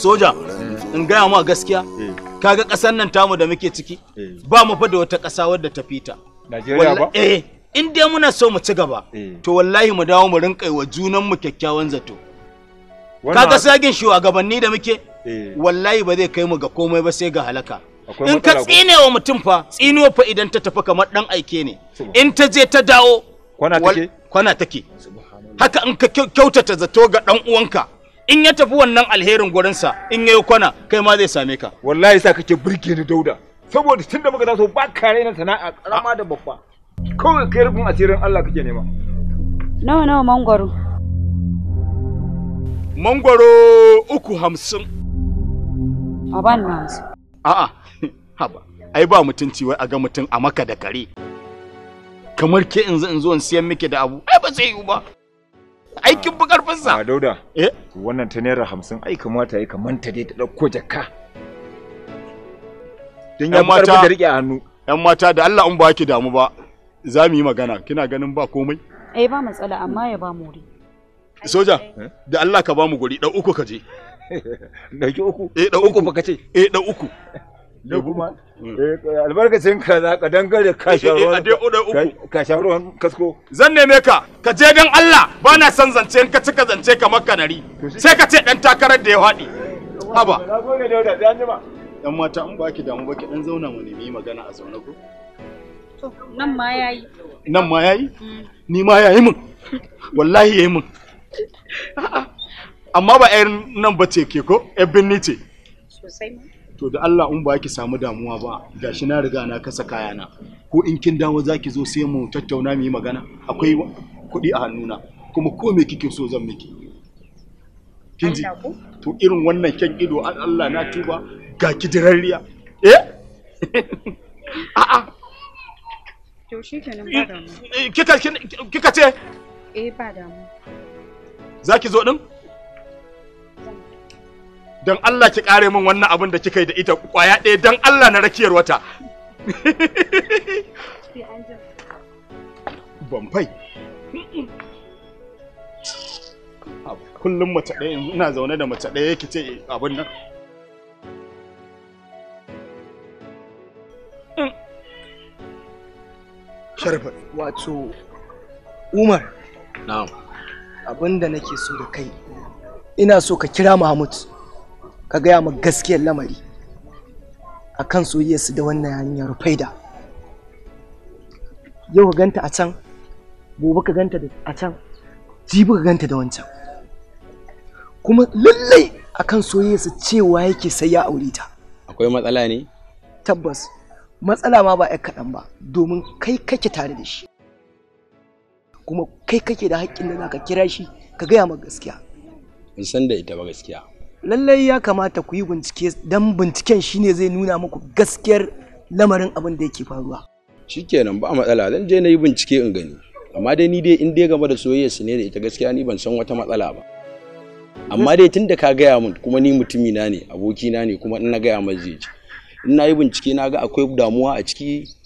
soja in gaya ma gaskiya eh. kaga ƙasar nan tamu da muke ciki eh. ba mu fa da wata kasa wadda ta fita Najeriya ba eh in dai muna so mu ci gaba eh. to wallahi mu dawo mu rinka wa junan mu kyakkyawan zato kaga sagin shugabanni da muke wallahi ba zai kai mu ga komai ba sai ga halaka in ka tsine wa mutum fa tsinuwa fa idan ta tafi kamar dan aike ne in ta je ta dawo kwana take kwana take haka in ka kyautata zato ga dan uwanka in ya tafi wannan alherin gurinsa in yayi kwana kai ma zai same ka wallahi sa kake burge ni dauda saboda tun da muka taso ba ka raina sana'a karama da babba kawai kai rufin asirin Allah kake nema nawa nawa mangwaro mangwaro uku hamsin a ba ni hamsin a'a haba ai ba mutunci wai a ga mutum a maka da kare kamar ke in zo in siyan miki da abu ai ba zai yi ba aikin fi karfinsa a dauda eh wannan ta naira hamsin ai kamata ya kamanta dai ta ɗauko jakka don yan mata da rike hannu yan mata da Allah in ba ki damu ba za mu yi magana kina ganin ba komai eh ba matsala amma ya ba mu wuri soja eh? da Allah ka ba mu guri ɗau uku ka je ɗauki uku eh ɗau uku ka ce eh ɗau uku da kuma mm. eh, albarkacin ka za ka dangare kashen eh, eh, ruwan kasko zan neme ka ka je don allah ba na son zance ka cika zance kamar kanari sai ka ce dan takarar da ya haɗi haba dan mata in ki damu ba ki dan zauna mu nemi magana a zaune ko nan ma ya yi. nan ma ya yi mm. ni ma ya yi mun wallahi yi mun amma ba ƴan nan ba ce ke ko ƴan binni ce sosai ma to da Allah in ba ki samu damuwa ba gashi na riga na kasa kayana ko in kin dawo zaki zo sai mu tattauna mu yi magana akwai kuɗi a hannuna kuma ko me kike so zan miki kin ji to irin wannan kyan ido Allah na tuba ga ki dirarriya eh a'a to shi kenan ba eh, damu eh, kika kika ce eh ba damu zaki zo din don Allah ki kare min wannan abin da kika yi da ita kwaya ɗaya don Allah na rakiyar wata bamfai kullum mace ɗaya ina zaune da mace ɗaya yake ce abin nan sharfa wato umar na'am abin da nake so da kai ina so ka kira mahmud ka gaya mu gaskiyar lamari a kan su da wannan yarinyar faida yau ka ganta a can gobe ka ganta a can jibi ka ganta da wancan kuma lallai a kan soyayyarsu cewa yake sai ya aure ta akwai matsala ne tabbas matsala ma ba yan kaɗan ba domin kai kake tare da shi kuma kai kake da haƙƙin da za ka kira shi ka gaya ma gaskiya ban san da ita ba gaskiya lallai ya kamata ku yi bincike don binciken shine zai nuna muku gaskiyar lamarin abin da yake faruwa shikenan ba matsala zan je na yi bincike in gani amma dai ni dai in dai game da soyayya su ne da ita gaskiya ni ban san wata matsala ba amma dai tunda ka gaya min kuma ni mutumina ne abokina ne kuma in na gaya min zai ji in na yi bincike na ga akwai damuwa a ciki